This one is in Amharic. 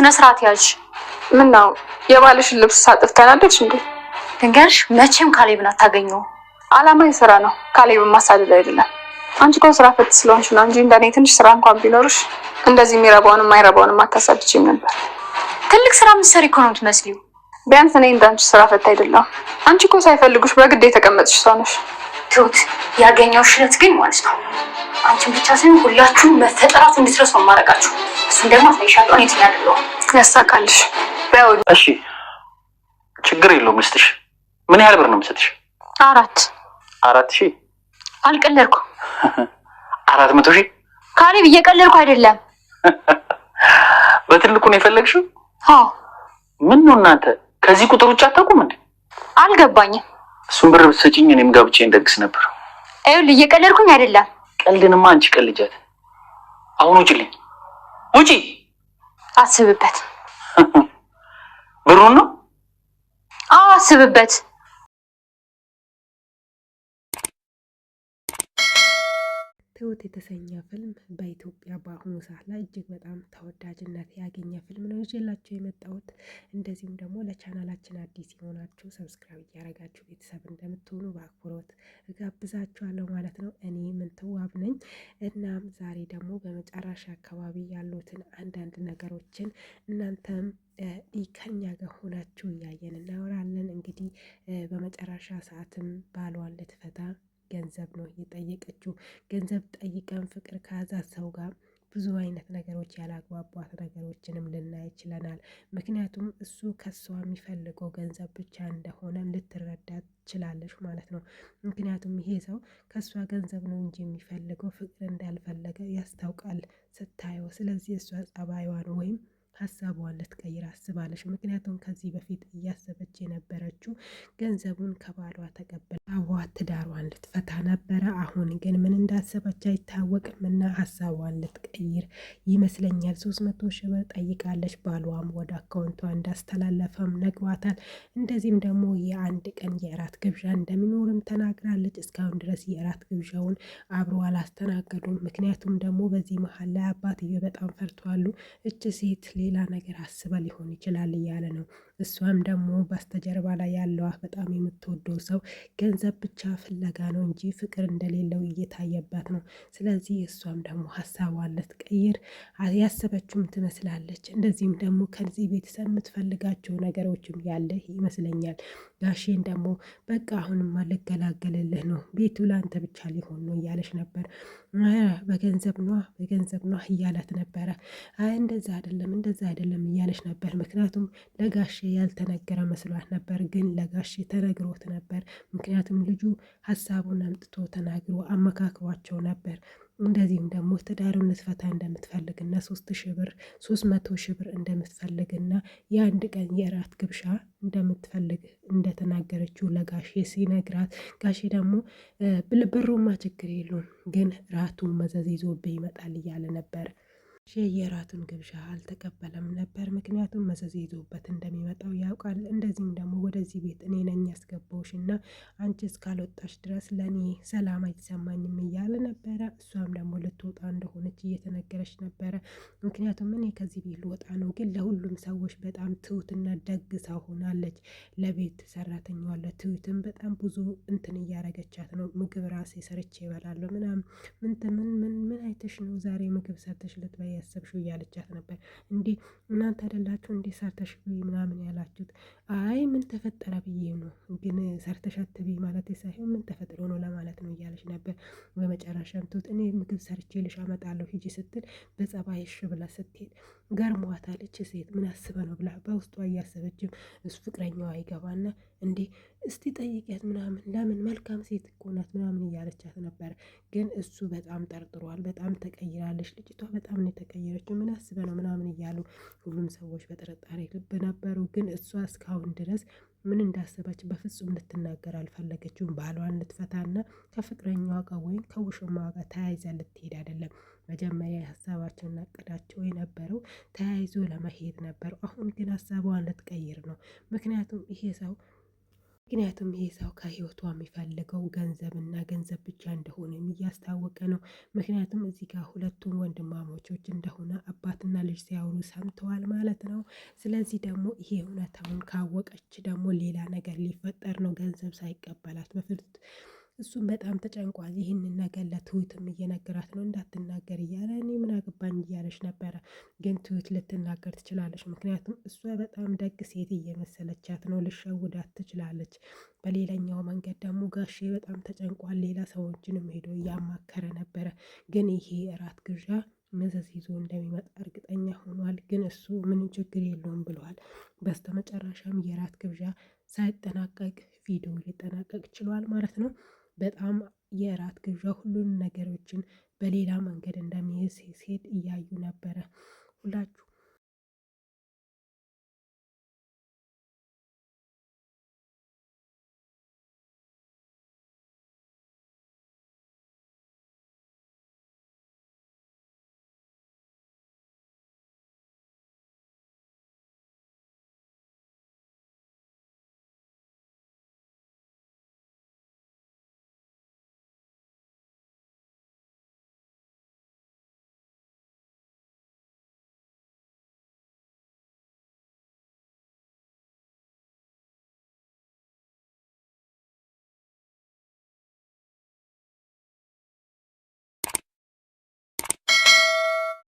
ስነ ስርዓት ያልሽ። ምን ነው የባልሽን ልብስ ሳጥፍ ተናደድሽ እንዴ? ድንገርሽ መቼም ካሌብን አታገኘው። አላማ የስራ ነው፣ ካሌብን ማሳደድ አይደለም። አንቺ እኮ ስራ ፈት ስለሆንሽ ነው እንጂ እንደኔ ትንሽ ስራ እንኳን ቢኖርሽ እንደዚህ የሚረባውንም የማይረባውንም አታሳድችም ነበር። ትልቅ ስራ ምሰሪ እኮ ነው የምትመስሊው። ቢያንስ እኔ እንዳንቺ ስራ ፈት አይደለም። አንቺ እኮ ሳይፈልጉሽ በግድ የተቀመጥሽ ሰው ነሽ። ትሁት ያገኘው ሽለት ግን ማለት ነው አንቺን ብቻ ሳይሆን ሁላችሁም መፈጠራቱ እንድትረሱ ማረጋችሁ። እሱን ደግሞ አሳይሻለሁ። እኔ ትኛ ያደለው ያሳቃልሽ። እሺ ችግር የለውም። እስጥሽ ምን ያህል ብር ነው የምሰጥሽ? አራት አራት ሺህ አልቀለድኩ። አራት መቶ ሺህ ካሌብ፣ እየቀለድኩ አይደለም። በትልቁ ነው የፈለግሽው? አዎ። ምን ነው እናንተ ከዚህ ቁጥር ውጭ አታውቁም እንዴ? አልገባኝም። እሱን ብር ብትሰጪኝ እኔም ጋብቼ እንደግስ ነበር። ይኸውልህ እየቀለድኩኝ አይደለም ቀልድንማ አንቺ ቀልጃት። አሁን ውጭልኝ፣ ውጪ። አስብበት። ብሩን ነው? አዎ አስብበት። ሕይወት የተሰኘ ፊልም በኢትዮጵያ በአሁኑ ሰዓት ላይ እጅግ በጣም ተወዳጅነት ያገኘ ፊልም ነው ይዤላችሁ የመጣሁት። እንደዚሁም ደግሞ ለቻናላችን አዲስ የሆናችሁ ሰብስክራይብ እያደረጋችሁ ቤተሰብ እንደምትሆኑ በአክብሮት እጋብዛችኋለሁ ማለት ነው። እኔ ምንትዋብ ነኝ። እናም ዛሬ ደግሞ በመጨረሻ አካባቢ ያሉትን አንዳንድ ነገሮችን እናንተም ከኛ ጋር ሆናችሁ እያየን እናወራለን። እንግዲህ በመጨረሻ ሰዓትም ባሏን ልትፈታ ገንዘብ ነው የጠየቀችው። ገንዘብ ጠይቀን ፍቅር ከዛ ሰው ጋር ብዙ አይነት ነገሮች ያላግባቧት ነገሮችንም ልናይ ችለናል። ምክንያቱም እሱ ከሷ የሚፈልገው ገንዘብ ብቻ እንደሆነ ልትረዳ ትችላለች ማለት ነው። ምክንያቱም ይሄ ሰው ከሷ ገንዘብ ነው እንጂ የሚፈልገው ፍቅር እንዳልፈለገ ያስታውቃል ስታየው። ስለዚህ እሷ ጸባይዋን ወይም ሀሳቧን ልትቀይር አስባለች። ምክንያቱም ከዚህ በፊት እያሰበች የነበረችው ገንዘቡን ከባሏ ተቀበል አቧ ትዳሯን ልትፈታ ነበረ። አሁን ግን ምን እንዳሰበች አይታወቅም እና ሀሳቧን ልትቀይር ይመስለኛል። ሶስት መቶ ሺህ ብር ጠይቃለች። ባሏም ወደ አካውንቷ እንዳስተላለፈም ነግሯታል። እንደዚህም ደግሞ የአንድ ቀን የእራት ግብዣ እንደሚኖርም ተናግራለች። እስካሁን ድረስ የእራት ግብዣውን አብሮ አላስተናገዱም። ምክንያቱም ደግሞ በዚህ መሀል ላይ አባትዬ በጣም ፈርቷሉ። እች ሴት ሌላ ነገር አስበ ሊሆን ይችላል እያለ ነው። እሷም ደግሞ በስተጀርባ ላይ ያለዋ በጣም የምትወደው ሰው ገንዘብ ብቻ ፍለጋ ነው እንጂ ፍቅር እንደሌለው እየታየባት ነው። ስለዚህ እሷም ደግሞ ሀሳቧን ልትቀይር ያሰበችውም ትመስላለች። እንደዚህም ደግሞ ከዚህ ቤተሰብ የምትፈልጋቸው ነገሮችም ያለ ይመስለኛል። ጋሼን ደግሞ በቃ አሁንማ ልገላገልልህ ነው ቤቱ ለአንተ ብቻ ሊሆን ነው እያለች ነበር። በገንዘብ ኗ በገንዘብ ኗ እያላት ነበረ። እንደዛ አይደለም እንደዛ አይደለም እያለች ነበር። ምክንያቱም ለጋሼ ያልተነገረ መስሏት ነበር፣ ግን ለጋሽ ተነግሮት ነበር። ምክንያቱም ልጁ ሀሳቡን አምጥቶ ተናግሮ አመካክሯቸው ነበር። እንደዚህም ደግሞ ትዳሩን ልትፈታ እንደምትፈልግና ሶስት ሺ ብር ሶስት መቶ ሺ ብር እንደምትፈልግና የአንድ ቀን የእራት ግብሻ እንደምትፈልግ እንደተናገረችው ለጋሼ ሲነግራት፣ ጋሼ ደግሞ ብልብሩማ ችግር የለውም ግን ራቱ መዘዝ ይዞብህ ይመጣል እያለ ነበር። የራቱን ግብዣ አልተቀበለም ነበር። ምክንያቱም መዘዝ ይዞበት እንደሚመጣው ያውቃል። እንደዚህም ደግሞ ወደዚህ ቤት እኔ ነኝ ያስገባውሽ እና አንቺ እስካልወጣሽ ድረስ ለእኔ ሰላም አይሰማኝም እያለ ነበረ። እሷም ደግሞ ልትወጣ እንደሆነች እየተነገረች ነበረ። ምክንያቱም እኔ ከዚህ ቤት ልወጣ ነው፣ ግን ለሁሉም ሰዎች በጣም ትሁትና ደግ ሰው ሆናለች። ለቤት ሰራተኛዋ ለትሁትም በጣም ብዙ እንትን እያረገቻት ነው። ምግብ ራሴ ሰርቼ ይበላለሁ ምናምን ምን ምን ምን አይተሽ ነው ዛሬ ምግብ ሰርተሽ ልትበይ ያሰብሽው እያለቻት ነበር። እንዲህ እናንተ አይደላችሁ እንዲህ ሰርተሽ ምናምን ያላችሁት አይ ምን ተፈጠረ ብዬ ነው ግን ሰርተሽ አትቢ ማለት ሳይሆን ምን ተፈጥሮ ነው ለማለት ነው እያለች ነበር። በመጨረሻም ትሁት እኔ ምግብ ሰርቼ ልሽ አመጣለሁ ሂጂ ስትል በጸባይ እሺ ብላ ስትሄድ ገርሟታለች። ሴት ምን አስበ ነው ብላ በውስጧ እያሰበችም እሱ ፍቅረኛዋ አይገባና እንዴ እስቲ ጠይቂያት ምናምን ለምን መልካም ሴት እኮ ናት ምናምን እያለቻት ነበር። ግን እሱ በጣም ጠርጥሯል። በጣም ተቀይራለች ልጅቷ በጣም ነው የተቀየረችው። ምን አስበ ነው ምናምን እያሉ ሁሉም ሰዎች በጥርጣሬ ልብ ነበሩ። ግን እሷ እስካሁን እስካሁን ድረስ ምን እንዳሰበች በፍጹም ልትናገር አልፈለገችውም። ባሏን ልትፈታና ከፍቅረኛዋ ጋር ወይም ከውሽማዋ ጋር ተያይዛ ልትሄድ አይደለም። መጀመሪያ ሀሳባቸውና እቅዳቸው የነበረው ተያይዞ ለመሄድ ነበረው። አሁን ግን ሀሳቧን ልትቀይር ነው። ምክንያቱም ይሄ ሰው ምክንያቱም ይሄ ሰው ከህይወቷ የሚፈልገው ገንዘብና ገንዘብ ብቻ እንደሆነ እያስታወቀ ነው። ምክንያቱም እዚህ ጋር ሁለቱም ወንድማሞቾች እንደሆነ አባትና ልጅ ሲያወሩ ሰምተዋል ማለት ነው። ስለዚህ ደግሞ ይሄ እውነታውን ካወቀች ደግሞ ሌላ ነገር ሊፈጠር ነው ገንዘብ ሳይቀበላት በፊት እሱም በጣም ተጨንቋል። ይህንን ነገር ለትሁትም እየነገራት ነው እንዳትናገር እያለ እኔ ምን አገባኝ እያለች ነበረ። ግን ትሁት ልትናገር ትችላለች። ምክንያቱም እሷ በጣም ደግ ሴት እየመሰለቻት ነው፣ ልሸውዳት ትችላለች። በሌላኛው መንገድ ደግሞ ጋሼ በጣም ተጨንቋል። ሌላ ሰዎችንም ሄዶ እያማከረ ነበረ። ግን ይሄ እራት ግዣ መዘዝ ይዞ እንደሚመጣ እርግጠኛ ሆኗል። ግን እሱ ምን ችግር የለውም ብለዋል። በስተመጨረሻም የራት ግብዣ ሳይጠናቀቅ ቪዲዮ ሊጠናቀቅ ችሏል ማለት ነው። በጣም የእራት ግዣ ሁሉንም ነገሮችን በሌላ መንገድ እንደሚይዝ ሲሄድ እያዩ ነበረ ሁላችሁ